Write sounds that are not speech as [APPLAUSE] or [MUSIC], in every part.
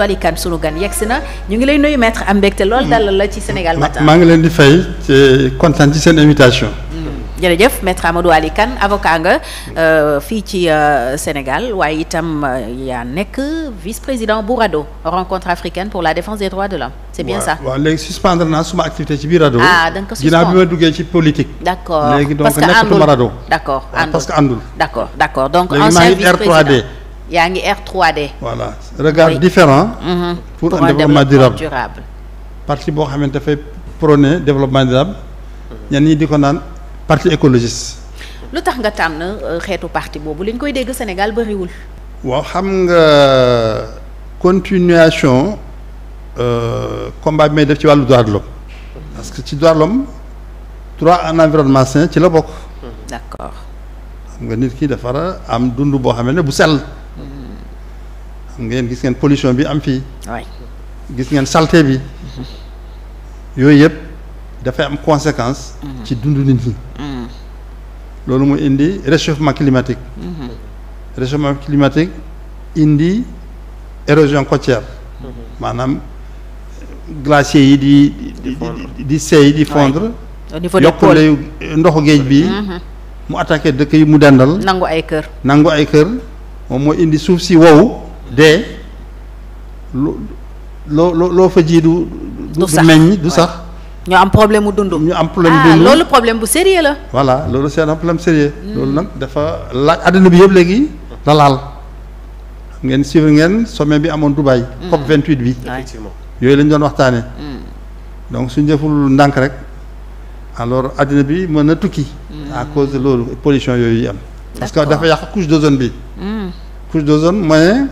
Abdou Ali lay nuyu maître am mbégte lool mm. dalal la ci Sénégal maa ngi leen di fay ci kontaan ci seen invitation. Mm. jërëjëf maître Amadou Ali Kane avocat nga euh, fii ci euh, Sénégal waaye itam euh, yaa nekk vice-président bu RADDHO rencontre africaine pour la défense des droits de l'homme c'est bien ça waaw léegi suspendre naa suma activité ci biir RADDHO ah da nga ko suspendre ginnaaw bi ma duggee ci politique d'accord léegi donc nekkatuma RADDHO ah, parce que àndul d'accord d'accord donc ancien vice-président yaa ngi R3D. voilà regard différent mhm. pour un développement durable parti boo xam ne dafay prôner développement durable ñenn ñi di ko naan parti écologiste lu tax nga tànn euh, xeetu parti boobu li koy dégg Sénégal bariwul waaw xam nga continuation euh, combat bi may def ci wàllu droit de parce que ci droit de l'homme droit ci la bokk d'accord xam nga nit ki dafa am dund boo xam ne bu sell ngeen gis ngeen pollution bi am fii gis ngeen saleté bi yooyu yëpp dafay am conséquence mm-hmm. ci dundu nit ñi mm-hmm. loolu mu indi réchauffement climatique mm-hmm. réchauffement climatique indi érosion côtière maanaam glaciers yi di di di seey di fondre yokk layu ndoxu géej bi mu attaqué dëkk yi mu dendal nangu nangu ay kër moom moo indi suuf si wow dee lu loo loo fa ji du. du sax sax. ñu am problème mu dund. ñu am problème ah, dund loolu problème bu sérieux la. voilà loolu seen un problème sérieux hmm. loolu nag dafa laaj àddina bi yëpp léegi la ngeen suivre ngeen sommet bi amoon Dubaï. Hmm. COP 28 bi. effectivement yooyu lañ doon waxtaane hmm. donc suñ deful ndànk rek alors àddina bi mën na tukki. à cause de loolu pollution yooyu yi am. parce que dafa yàq couche d'ozone bi. couche d'ozone mooy.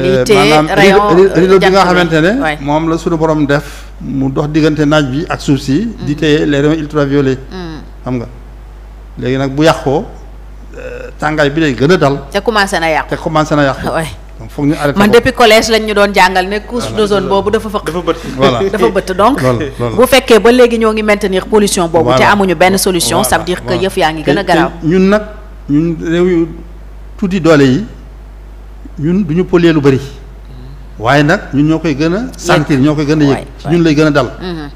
Euh, maanaam euh, rideau bi nga xamante ne moom la suñu borom def mu dox diggante naaj bi ak suuf si mm. di téye les rayons ultraviolets mm. xam nga léegi nag bu yàqoo euh, tàngaay bi day gën a dal te commencé na yàqu te commencé na yàqu donc foog ñu arrêté lañ ñu doon jàngal ne couche d'ozone boobu dafa fëq dafa bët voilà [LAUGHS] dafa donc bu fekkee ba léegi ñoo ngi maintenir pollution boobu te amuñu benn solution ça veut dire que yëf yaa ngi gën a garaaw ñun nag ñun réew yu tuuti doole yi ñun du ñu polluer lu bëri mm-hmm. waaye nag ñun ñoo koy gën a sentir ñoo koy gën a yëg ci ñun lay gën a dal mm-hmm.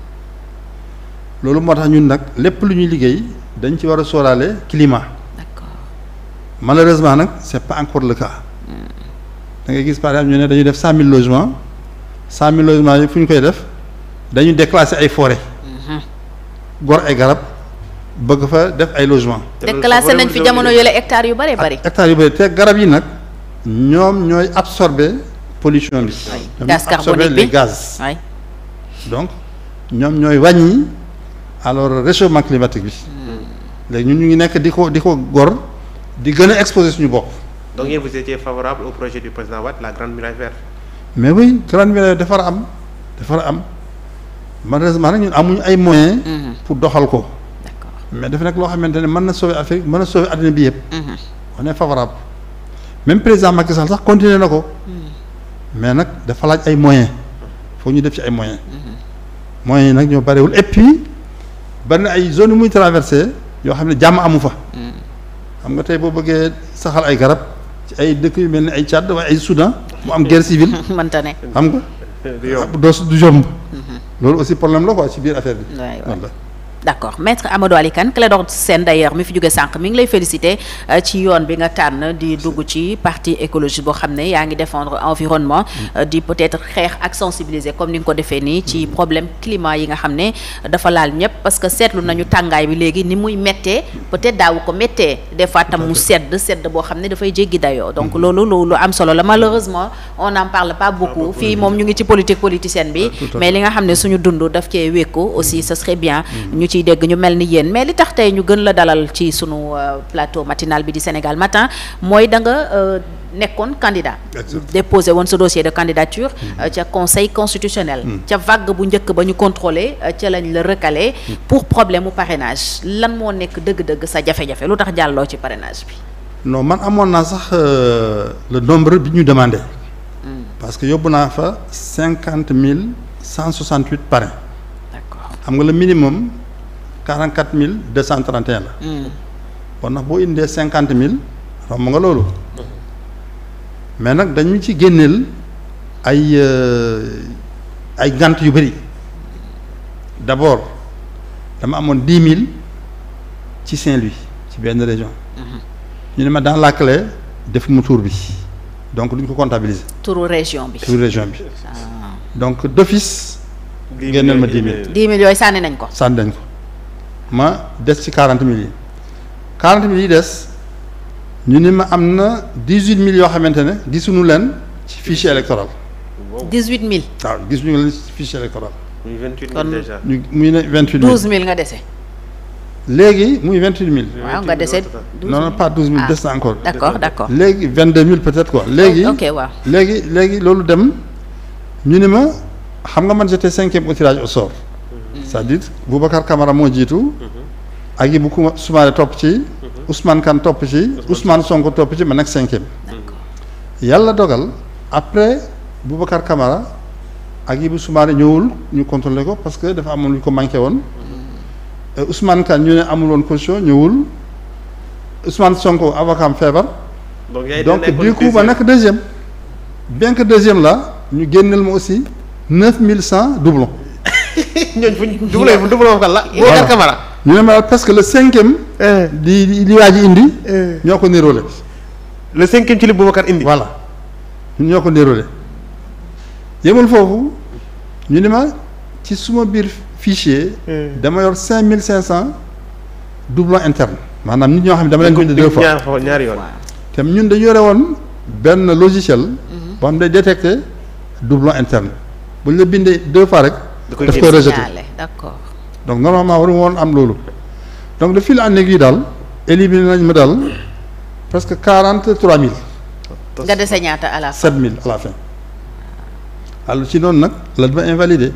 loolu moo tax ñun nag lépp lu ñuy liggéey dañ ci war a sóoraale climat d'accord malheureusement nag c'est pas encore le cas mm-hmm. da gis par am ñu ne dañuy def cent mille logements cent mille logements yi fu ñu koy def dañu déclasser ay foore gor ay garab bëgg fa def ay logements déclassé nañ fi jamono yële ectare yu bëree bëri ectare yu bëri te garab yi nag ñoom ñooy absorber pollution bi ñooy absorber les gaz donc ñoom ñooy wàññi alors réchauffement climatique bi hmm. léegi ñun ñu ngi nekk di ko di ko gor di gën a exposer suñu bopp donc yéen vous projet du président Wade la grande muraille verte mais oui grande muraille dafa am dafar am malheureusement nag ñun amuñu ay moyens hmm. pour doxal ko mais def nekk loo xamante ne mën na sauver Afrique mën na sauver adduna bi yëpp hmm. on est favorable même président Macky Sall sax continuer na ko hmm. mais nag dafa laaj ay moyens foo ñu def ci ay moyens moyens yi nag ñoo barewul et puis bari ay zone yu muy traversé yoo xam ne jàmm amu fa hmm. xam nga tey boo bëggee saxal ay garab ci ay dëkk yu mel ni ay Tchad waaye ay Soudan mu am guerre civile [LAUGHS] mënta ne xam nga [LAUGHS] doo du yomb hmm. loolu aussi problème la quoi ci biir affaire bi d'accord maître Amadou Ali Kane Clédor Sène d'ailleurs mi fi jóge sànq mi ngi lay féliciter euh, ci yoon bi nga tànn di dugg ci parti écologique boo xam ne yaa ngi défendre environnement euh, di peut-être xeex ak sensibiliser comme ni nga ko defee nii ci problème climat yi nga xam ne dafa laal ñëpp parce que seetlu nañu tàngaay bi léegi ni muy méttee peut-être daawu ko méttee des fois tam mu sedd sedd boo xam ne dafay jéggi dayoo donc mm-hmm. loolu lu am solo la malheureusement on n'en parle pas beaucoup ñu ngi ci politique politicienne bi euh, mais li nga xam ciy dégg ñu mel ni yéen mais li tax tey ñu gën la dalal ci sunu euh, plateau matinal bi di Sénégal Matin mooy da nga euh, nekkoon candidat déposé woon sa dossier de candidature mm. euh, ca conseil constitutionnel mm. ca vague bu njëkk ba ñu contrôlé ca lañ la recalé mm. pour problème mu parrainage lan moo nekk dëgg-dëgg sa jafe-jafe lu tax jàlloo ci parrainage bi non man amoon naa sax le nombre bi ñu demandé parce que yóbbu naa fa cinquante mille cent soixante huit parrain. nga le minimum quarante quatre mille deux cent trente et la. Hmm. kon ndax boo indee cinquante mille romb nga loolu. mais nag dañu ci génneel ay euh, ay gant yu bëri d'abord dama amoon dix mille ci Saint-Louis ci benn région. Hmm. ñu ne ma dans la clé def mu tour bi donc duñ ko comptabiliser. touru région bi ah. donc d'office. génneel ma dix mille dix mille yooyu sànni nañ ko. sànni nañ ko. ma des ci quarante mille yi quarante mille yi des ñu ni ma am na dix huit mille yoo xamante ne gisuñu leen ci fichier électoral. dix huit mille. waaw gisuñu leen ci fichier électoral. muy vingt huit mille déjà ñu muy ne vingt huit mille douze mille nga dese. léegi muy vingt huit mille. waaw nga dese non non pas douze mille ah, des na encore. d'accord léegi vingt deux mille peut-être ko léegi oh, ok waaw léegi léegi loolu dem ñu ni ma xam nga man j'étais cinquième au tirage au sort. c'est-à-dire Boubacar moo jiitu. Mhm. ak yi bu kuma Soumaré topp ci. Mhm. Ousmane Kane topp ci. Ousmane Sonko topp ci ma nekk cinquième. yàlla dogal après Boubacar Camara ak yi bu Soumaré ñëwul ñu contrôlé ko parce que dafa amoon lu ko manqué woon. Mhm. Euh, Ousmane Kane ñu ne amul woon caution ñëwul Ousmane Sonko avocat feebar. donc du coup nekk deuxième. bien deuxième la ñu génneel ma aussi neuf mille cent doublons. [LAUGHS] ñooñ fu ñu dugaloo parce que le cinquième. Eh. di eh. ñoo ko niroole. le cinquième ci li ko niroole. yemul ñu ne ma ci suma biir fichier. Eh. dama yor cinq mille cinq cent doublon interne. maanaam nit ñoo xam ne dama leen ko indi deux ñaari yoon. te ñun dañu yore woon benn logiciel. Mhm. boo xam ne day détecté doublon bu ñu la bindee deux fois rek. da koy rejeté d'accord donc normalement waru woon am loolu donc de fii en aiguille daal éliminé nañ ma daal presque quarante trois mille. nga dese ñaata à la fin sept mille à la fin. alors ci noonu nag la dama invalidé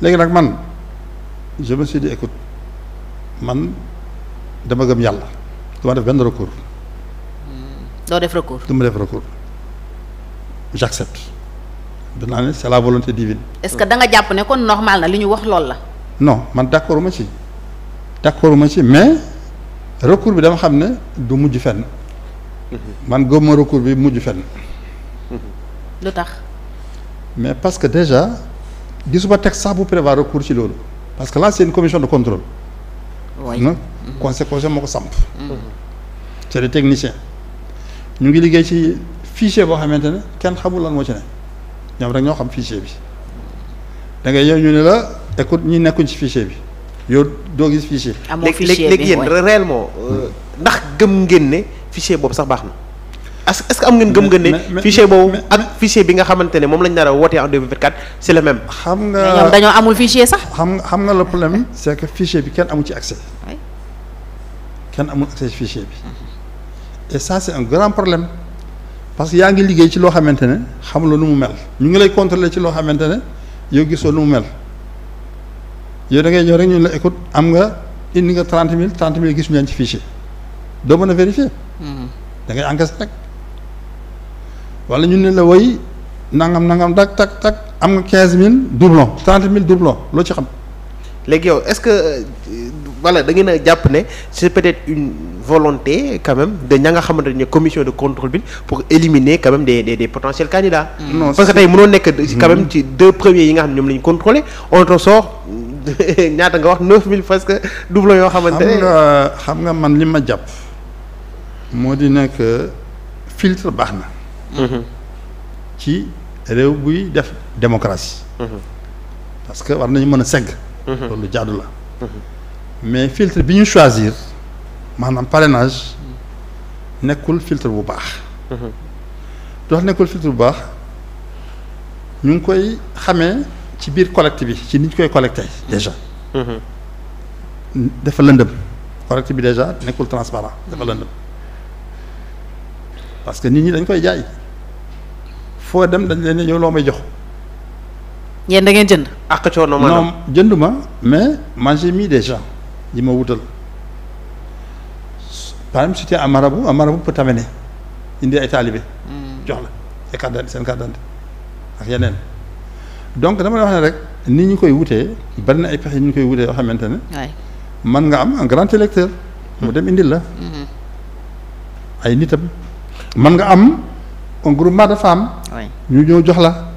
léegi nag man je me suis écoute man dama gëm yàlla dama def benn recours. doo def recours. dama def danaa ne c'est la volonté ce que da nga jàpp ne kon normal na li ñu wax loolu la. non man d'accord ma ci d'accord ma ci mais recours bi dama xam ne du mujj fenn man gëmma recours bi mujj fen lu tax. mais parce que déjà gisuma teg sax bu prévoir recours ci loolu parce que là c'est une commission de contrôle. oui na mhm. conséquence moo ko samp. Mhm. c'est des ñu ngi liggéey ci fichier boo xamante ne kenn xamul lan moo ci ne. ñoom rek ñoo xam fichier bi da ngay yow ne la écoute ñi nekkuñ ci fichier bi yow doo gis fichier. amoo fichier bi léegi yéen réellement euh, hmm. ndax gëm ngeen ne fichier boobu sax baax na. est-ce que am ngeen gëm ngeen ne fichier boobu ak fichier bi nga xamante ne moom lañ nar a woote en 2024 c'est le même. xam nga ñoom dañoo amul fichier sax. xam xam nga le problème c'est que fichier bi kenn amul ci accès. kenn amul accès ci fichier bi et ça un grand problème. parce que yaa ngi liggéey ci loo xamante ne xamuloo nu mu mel ñu ngi lay contrôler ci loo xamante ne yow gisoo nu mu mel yow da ngay ñëw rek ñu la écoute am nga indi nga trente mille trente mille gis ñu leen ci fichier doo mën a vérifier. Hmm. da ngay encaissé rek. wala ñu ne la woy nangam nangam tak tak tak am nga quinze mille doublon trente mille doublon loo ci xam. léegi yow est-ce que euh, voilà da ngeen a jàpp ne c'est peut-être une volonté quand même de ña nga xamante ne commission de contrôle bi pour éliminer quand même des des des mm. parce que tey mënoo nekk. quand mm. ci deux premiers yi nga ne ñoom la ñu contrôlé on te sort [LAUGHS] ñaata nga wax 9000 presque doublons yoo. xamante ne xam nga xam nga man li ma jàpp moo di nekk filtre baax na. Mm-hmm. ci réew buy def démocratie. Mm-hmm. parce que war nañu mën a segg. Mhm. loolu jaadu la mais filtre bi ñu choisir maanaam parrainage nekkul filtre bu baax dox mhm. nekkul filtre bu baax ñu ngi koy xamee ci biir collecte bi ci nit ñu koy collecté déjà mhm. dafa lëndëm collecte bi déjà nekkul transparent dafa lëndëm parce que nit ñi dañ koy jaay foo dem dañ leen ne yow loo may jox yéen da jënd ak coono maanaam non jënduma mais man j'ai mis des gens yi ma wutal par exemple si tu es un bu un marabout indi ay taalibe hmm. jox la ay carte seen carte d'identité ak yeneen donc dama la wax ne rek nit ñu koy wutee bari ay pexe yi ñu koy wutee yoo xamante ne man nga am un grand électeur mu dem indi la hmm. ay nitam man nga am groupement de femmes ñu ñëw jox la